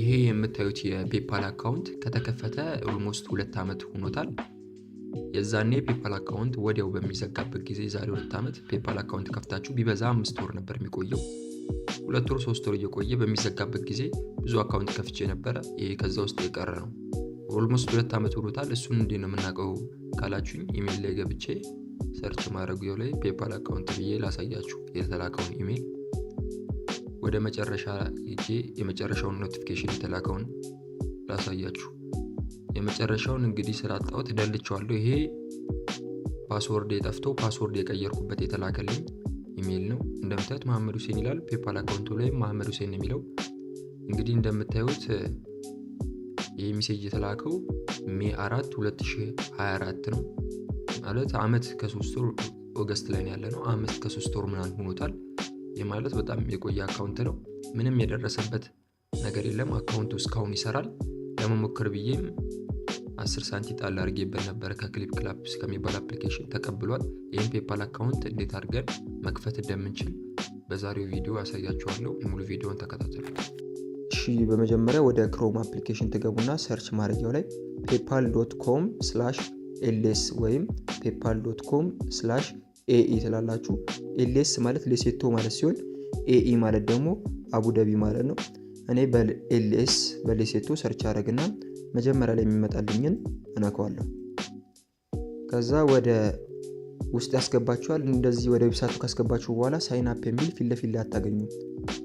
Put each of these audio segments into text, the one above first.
ይሄ የምታዩት የፔፓል አካውንት ከተከፈተ ኦልሞስት ሁለት ዓመት ሆኖታል። የዛኔ ፔፓል አካውንት ወዲያው በሚዘጋበት ጊዜ የዛሬ ሁለት ዓመት ፔፓል አካውንት ከፍታችሁ ቢበዛ አምስት ወር ነበር የሚቆየው። ሁለት ወር ሶስት ወር እየቆየ በሚዘጋበት ጊዜ ብዙ አካውንት ከፍቼ ነበረ። ይሄ ከዛ ውስጥ የቀረ ነው። ኦልሞስት ሁለት ዓመት ሆኖታል። እሱን እንዴ ነው የምናውቀው ካላችሁኝ ኢሜል ላይ ገብቼ ሰርች ማድረጉ ላይ ፔፓል አካውንት ብዬ ላሳያችሁ የተላከውን ኢሜል ወደ መጨረሻ ሄጄ የመጨረሻውን ኖቲፊኬሽን የተላከውን ላሳያችሁ። የመጨረሻውን እንግዲህ ስላጣሁት ደልቸዋለሁ። ይሄ ፓስወርድ የጠፍቶ ፓስወርድ የቀየርኩበት የተላከልኝ ኢሜይል ነው። እንደምታዩት መሐመድ ሁሴን ይላል። ፔፓል አካውንቱ ላይም መሐመድ ሁሴን የሚለው እንግዲህ እንደምታዩት ይህ ሚሴጅ የተላከው ሜ 4 2024 ነው ማለት አመት ከሶስት ወር ኦገስት ላይ ያለ ነው። አመት ከሶስት ወር ምናምን ሆኖታል። ማለት በጣም የቆየ አካውንት ነው። ምንም የደረሰበት ነገር የለም። አካውንቱ እስካሁን ይሰራል። ለመሞከር ብዬም 10 ሳንቲ ጣል አድርጌበት ነበረ ከክሊፕ ክላፕ ከሚባል አፕሊኬሽን ተቀብሏል። ይህም ፔፓል አካውንት እንዴት አድርገን መክፈት እንደምንችል በዛሬው ቪዲዮ ያሳያችኋለሁ። ሙሉ ቪዲዮን ተከታተሉ። እሺ፣ በመጀመሪያ ወደ ክሮም አፕሊኬሽን ትገቡና ሰርች ማድረጊያው ላይ ፔፓል ዶት ኮም ስላሽ ኤልስ ወይም ፔፓል ዶት ኮም ስላሽ ኤኢ ትላላችሁ። ኤልኤስ ማለት ሌሴቶ ማለት ሲሆን ኤኢ ማለት ደግሞ አቡደቢ ማለት ነው። እኔ በኤልኤስ በሌሴቶ ሰርች አረግና መጀመሪያ ላይ የሚመጣልኝን እነከዋለሁ። ከዛ ወደ ውስጥ ያስገባችኋል። እንደዚህ ወደ ዌብሳይቱ ካስገባችሁ በኋላ ሳይን አፕ የሚል ፊትለፊት ላይ አታገኙም።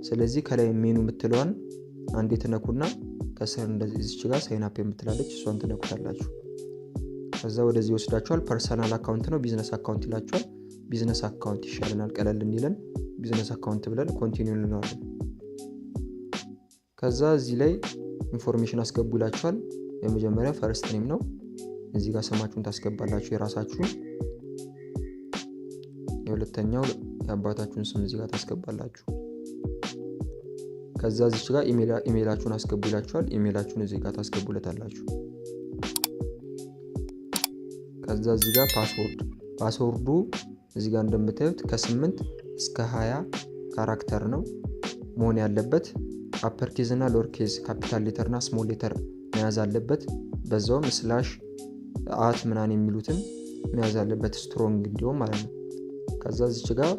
ስለዚህ ከላይ ሜኑ የምትለዋን አንዴ ትነኩና ከስር እንደዚች ጋር ሳይን አፕ የምትላለች እሷን ትነኩታላችሁ። ከዛ ወደዚህ ይወስዳችኋል ፐርሰናል አካውንት ነው ቢዝነስ አካውንት ይላችኋል። ቢዝነስ አካውንት ይሻለናል ቀለል እንዲለን ቢዝነስ አካውንት ብለን ኮንቲኒ እንለዋለን ከዛ እዚህ ላይ ኢንፎርሜሽን አስገቡ የመጀመሪያ ፈርስት ኔም ነው እዚህ ጋር ስማችሁን ታስገባላችሁ የራሳችሁን የሁለተኛው የአባታችሁን ስም እዚህ ጋር ታስገባላችሁ ከዛ ዚች ጋር ኢሜይላችሁን አስገቡ ይላችኋል ኢሜይላችሁን እዚህ ጋር ታስገቡለታላችሁ ከዛ እዚህ ጋር ፓስወርድ ፓስወርዱ እዚህ ጋር እንደምታዩት ከ8 እስከ 20 ካራክተር ነው መሆን ያለበት። አፐርኬዝ ኬዝ እና ሎር ካፒታል ሌተር እና ስሞል ሌተር መያዝ አለበት። በዛውም ስላሽ አት ምናን የሚሉትን መያዝ አለበት ስትሮንግ እንዲሆን ማለት ነው። ከዛ ዚች ጋር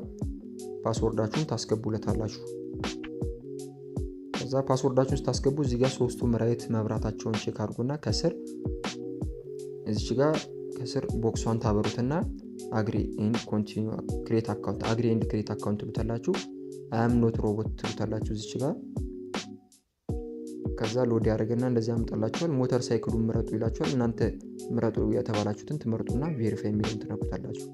ፓስወርዳችሁን ታስገቡለታላችሁ። ከዛ ፓስወርዳችሁን ስታስገቡ እዚህ ጋር ሶስቱ ራይት መብራታቸውን ቼክ አድርጉና ከስር እዚች ጋር ከስር ቦክሷን ታበሩትና አግሪ ኤንድ ኮንቲኒ ክሬት አካውንት አግሪ ኤንድ ክሬት አካውንት ብታላችሁ አም ኖት ሮቦት ትሉታላችሁ እዚች ጋር ከዛ ሎድ ያደረገና እንደዚህ ያምጣላችኋል ሞተር ሳይክሉ ምረጡ ይላችኋል እናንተ ምረጡ የተባላችሁትን ትመርጡና ቬሪፋይ የሚለውን ትነኩታላችሁ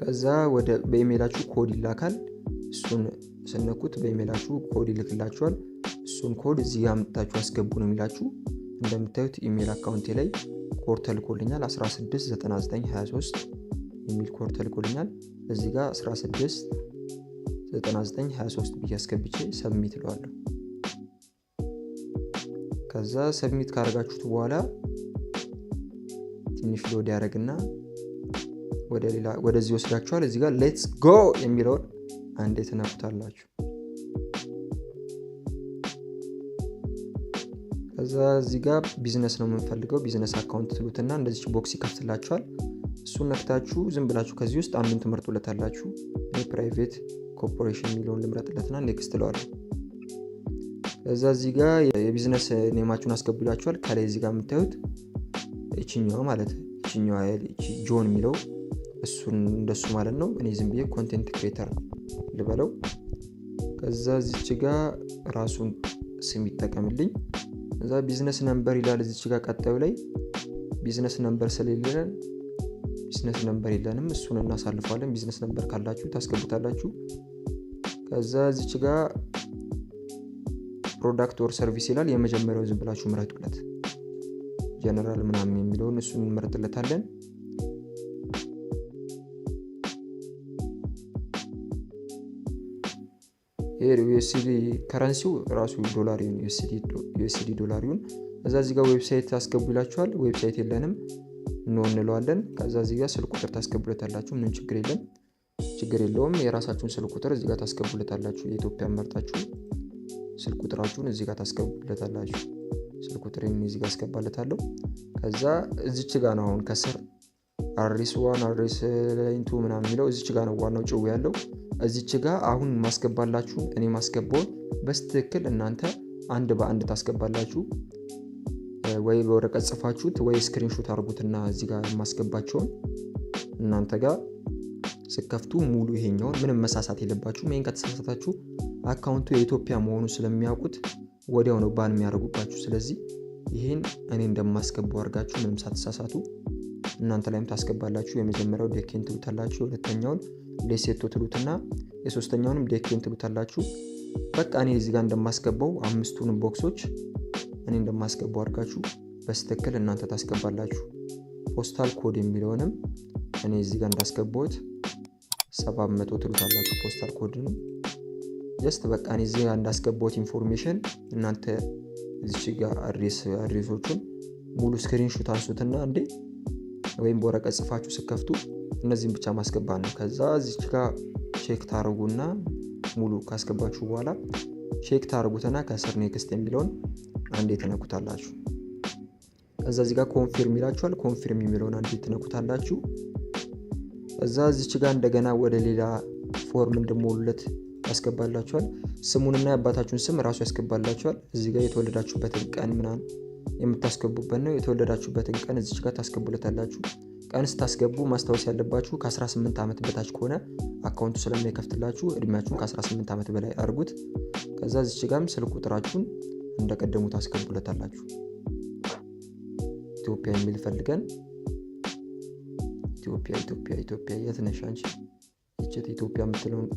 ከዛ ወደ በኢሜላችሁ ኮድ ይላካል እሱን ስነኩት በኢሜላችሁ ኮድ ይልክላችኋል እሱን ኮድ እዚህ ጋር አምጥታችሁ አስገቡ ነው የሚላችሁ። እንደምታዩት ኢሜል አካውንቴ ላይ ኮድ ተልኮልኛል 169923 የሚል ኮድ ተልኮልኛል። እዚህ ጋር 169923 ብዬ አስገብቼ ሰብሚት ለዋለሁ ከዛ ሰብሚት ካደረጋችሁት በኋላ ትንሽ ሎድ ያደረግና ወደዚህ ወስዳችኋል። እዚህ ጋር ሌትስ ጎ የሚለውን አንዴ ትነኩታላችሁ። ከዛ እዚህ ጋር ቢዝነስ ነው የምንፈልገው ቢዝነስ አካውንት ትሉትና እንደዚች ቦክስ ይከፍትላችኋል። እሱን ነክታችሁ ዝም ብላችሁ ከዚህ ውስጥ አንዱን ትመርጡለታላችሁ። እኔ ፕራይቬት ኮርፖሬሽን የሚለውን ልምረጥለትና ኔክስት ትለዋለሁ። ከዛ እዚህ ጋር የቢዝነስ ኔማችሁን አስገቡላችኋል። ከላይ እዚህ ጋር የምታዩት እችኛዋ ማለት እችኛዋ ጆን የሚለው እሱን እንደሱ ማለት ነው። እኔ ዝም ብዬ ኮንቴንት ክሬተር ልበለው። ከዛ ዚች ጋር ራሱን ስም ይጠቀምልኝ እዛ ቢዝነስ ነንበር ይላል እዚች ጋር ቀጣዩ ላይ ቢዝነስ ነንበር ስለሌለን ቢዝነስ ነንበር የለንም እሱን እናሳልፈዋለን ቢዝነስ ነንበር ካላችሁ ታስገብታላችሁ። ከዛ እዚች ጋር ፕሮዳክት ወር ሰርቪስ ይላል የመጀመሪያው ዝብላችሁ ብላችሁ ምረጡለት ጀነራል ምናምን የሚለውን እሱን እንመረጥለታለን። ዩስዲ ከረንሲው ራሱ ዶላር ዩስዲ ዶላር ይሁን እዛ እዚህ ጋር ዌብሳይት አስገቡ ይላችኋል ዌብሳይት የለንም ኖ እንለዋለን ከዛ እዚህ ጋር ስልክ ቁጥር ታስገቡለታላችሁ ምንም ችግር የለም ችግር የለውም የራሳችሁን ስልክ ቁጥር እዚህ ጋር ታስገቡለታላችሁ የኢትዮጵያ መርጣችሁ ስልክ ቁጥራችሁን እዚህ ጋር ታስገቡለታላችሁ ስልክ ቁጥር እዚህ ጋር አስገባለታለሁ ከዛ እዚች ጋ ነው አሁን ከስር አሪስ ዋን አሪስ ላይንቱ ምናምን የሚለው እዚች ጋ ነው ዋናው ጭው ያለው እዚች ጋር አሁን ማስገባላችሁ እኔ ማስገባውን በስትክክል እናንተ አንድ በአንድ ታስገባላችሁ ወይ በወረቀት ጽፋችሁት ወይ ስክሪንሾት አድርጉትና እዚ ጋር የማስገባቸውን እናንተ ጋር ስከፍቱ ሙሉ ይሄኛውን ምንም መሳሳት የለባችሁም። ይህን ከተሳሳታችሁ አካውንቱ የኢትዮጵያ መሆኑ ስለሚያውቁት ወዲያው ነው ባን የሚያደርጉባችሁ። ስለዚህ ይህን እኔ እንደማስገባው አድርጋችሁ ምንም ሳትሳሳቱ እናንተ ላይም ታስገባላችሁ። የመጀመሪያው ዴኬን ትሉታላችሁ፣ ሁለተኛውን ሌሴቶ ትሉትና የሶስተኛውንም ዴኬን ትሉታላችሁ። በቃ እኔ እዚጋ እንደማስገባው አምስቱን ቦክሶች እኔ እንደማስገባው አድርጋችሁ በስትክክል እናንተ ታስገባላችሁ። ፖስታል ኮድ የሚለውንም እኔ እዚጋ እንዳስገባት እንዳስገባሁት 700 ትሉታላችሁ። ፖስታል ኮድ ነው ጀስት በቃ እኔ እዚህ ጋር ኢንፎርሜሽን እናንተ እዚች ጋር አድሬሶቹን ሙሉ ስክሪንሹት አንሱትና እንዴ ወይም በወረቀት ጽፋችሁ ስከፍቱ እነዚህን ብቻ ማስገባት ነው። ከዛ ዚች ጋ ሼክ ታደረጉና ሙሉ ካስገባችሁ በኋላ ሼክ ታደርጉትና ከስር ኔክስት የሚለውን አንድ የተነኩታላችሁ እዛ ዚጋ ኮንፊርም ይላችኋል። ኮንፊርም የሚለውን አንድ ትነኩታላችሁ። እዛ ዚች ጋ እንደገና ወደ ሌላ ፎርም እንድሞሉለት ያስገባላችኋል። ስሙንና የአባታችሁን ስም ራሱ ያስገባላችኋል። እዚህ ጋር የተወለዳችሁበትን ቀን ምናምን የምታስገቡበት ነው። የተወለዳችሁበትን ቀን እዚች ጋር ታስገቡለታላችሁ። ቀን ስታስገቡ ማስታወስ ያለባችሁ ከ18 ዓመት በታች ከሆነ አካውንቱ ስለማይከፍትላችሁ እድሜያችሁን ከ18 ዓመት በላይ አድርጉት። ከዛ እዚች ጋም ስልክ ቁጥራችሁን እንደቀደሙ ታስገቡለታላችሁ። ኢትዮጵያ የሚል ፈልገን ኢትዮጵያ ኢትዮጵያ ኢትዮጵያ የትነሻንች ይችት ኢትዮጵያ የምትለውን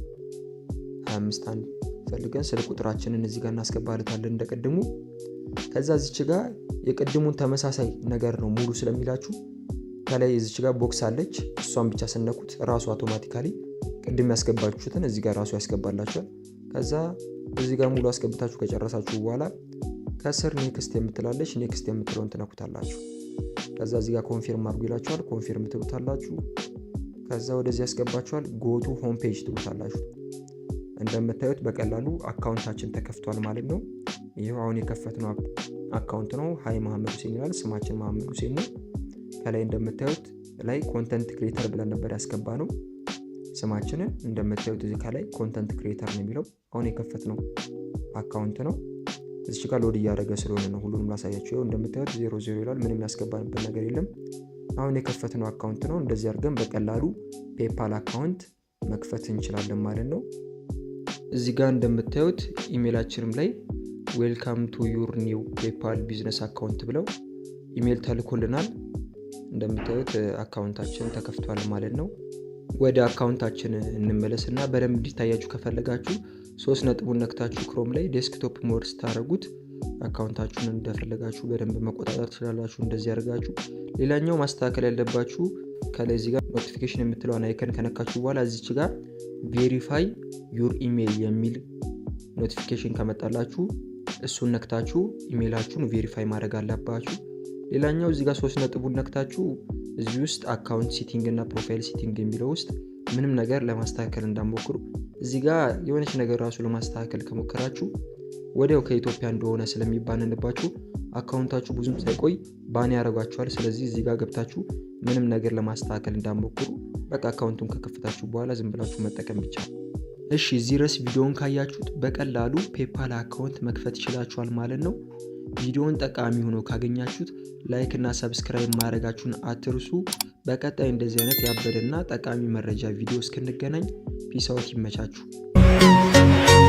25 አንድ ፈልገን ስልክ ቁጥራችንን እዚህ ጋር እናስገባለታለን እንደቀድሙ ከዛ እዚች ጋር የቅድሙን ተመሳሳይ ነገር ነው ሙሉ ስለሚላችሁ ከላይ እዚች ጋር ቦክስ አለች። እሷን ብቻ ስነኩት ራሱ አውቶማቲካሊ ቅድም ያስገባችሁትን እዚ ጋር ራሱ ያስገባላችኋል። ከዛ እዚህ ጋር ሙሉ አስገብታችሁ ከጨረሳችሁ በኋላ ከስር ኔክስት የምትላለች ኔክስት የምትለውን ትነኩታላችሁ። ከዛ እዚጋ ጋር ኮንፊርም አድርጉ ይላችኋል። ኮንፊርም ትሉታላችሁ። ከዛ ወደዚህ ያስገባችኋል። ጎቱ ሆምፔጅ ትሉታላችሁ። እንደምታዩት በቀላሉ አካውንታችን ተከፍቷል ማለት ነው። ይህ አሁን የከፈትነው አካውንት ነው። ሀይ መሀመድ ሁሴን ይላል። ስማችን መሀመድ ሁሴን ነው። ከላይ እንደምታዩት ላይ ኮንተንት ክሬተር ብለን ነበር ያስገባ ነው። ስማችንን እንደምታዩት እዚህ ከላይ ኮንተንት ክሬተር ነው የሚለው አሁን ነው አካውንት ነው። እዚች ጋር ሎድ እያደረገ ስለሆነ ነው ሁሉንም ላሳያቸው ይኸው እንደምታዩት ዜሮ ዜሮ ይላል። ምንም ያስገባንበት ነገር የለም። አሁን ነው አካውንት ነው። እንደዚህ አድርገን በቀላሉ ፔፓል አካውንት መክፈት እንችላለን ማለት ነው። እዚህ ጋር እንደምታዩት ኢሜላችንም ላይ ዌልካም ቱ ዩር ኒው ፔፓል ቢዝነስ አካውንት ብለው ኢሜል ተልኮልናል። እንደምታዩት አካውንታችን ተከፍቷል ማለት ነው። ወደ አካውንታችን እንመለስ እና በደንብ እንዲታያችሁ ከፈለጋችሁ ሶስት ነጥቡን ነክታችሁ ክሮም ላይ ዴስክቶፕ ሞድ ስታደረጉት አካውንታችሁን እንደፈለጋችሁ በደንብ መቆጣጠር ትችላላችሁ። እንደዚህ ያደርጋችሁ። ሌላኛው ማስተካከል ያለባችሁ ከላይ ዚጋ ኖቲፊኬሽን የምትለውን አይከን ከነካችሁ በኋላ እዚች ጋር ቬሪፋይ ዩር ኢሜይል የሚል ኖቲፊኬሽን ከመጣላችሁ እሱን ነክታችሁ ኢሜይላችሁን ቬሪፋይ ማድረግ አለባችሁ። ሌላኛው እዚጋ ሶስት ነጥቡን ነክታችሁ እዚህ ውስጥ አካውንት ሲቲንግ እና ፕሮፋይል ሲቲንግ የሚለው ውስጥ ምንም ነገር ለማስተካከል እንዳሞክሩ። እዚህ ጋ የሆነች ነገር ራሱ ለማስተካከል ከሞከራችሁ ወዲያው ከኢትዮጵያ እንደሆነ ስለሚባንንባችሁ አካውንታችሁ ብዙም ሳይቆይ ባን ያደርጓችኋል። ስለዚህ እዚህ ጋር ገብታችሁ ምንም ነገር ለማስተካከል እንዳሞክሩ በቃ አካውንቱን ከከፍታችሁ በኋላ ዝም ብላችሁ መጠቀም ብቻ። እሺ እዚህ ረስ ቪዲዮውን ካያችሁት በቀላሉ ፔፓል አካውንት መክፈት ይችላችኋል ማለት ነው። ቪዲዮውን ጠቃሚ ሆኖ ካገኛችሁት ላይክ እና ሰብስክራይብ ማድረጋችሁን አትርሱ። በቀጣይ እንደዚህ አይነት ያበደና ጠቃሚ መረጃ ቪዲዮ እስክንገናኝ ፒስ አውት፣ ይመቻችሁ።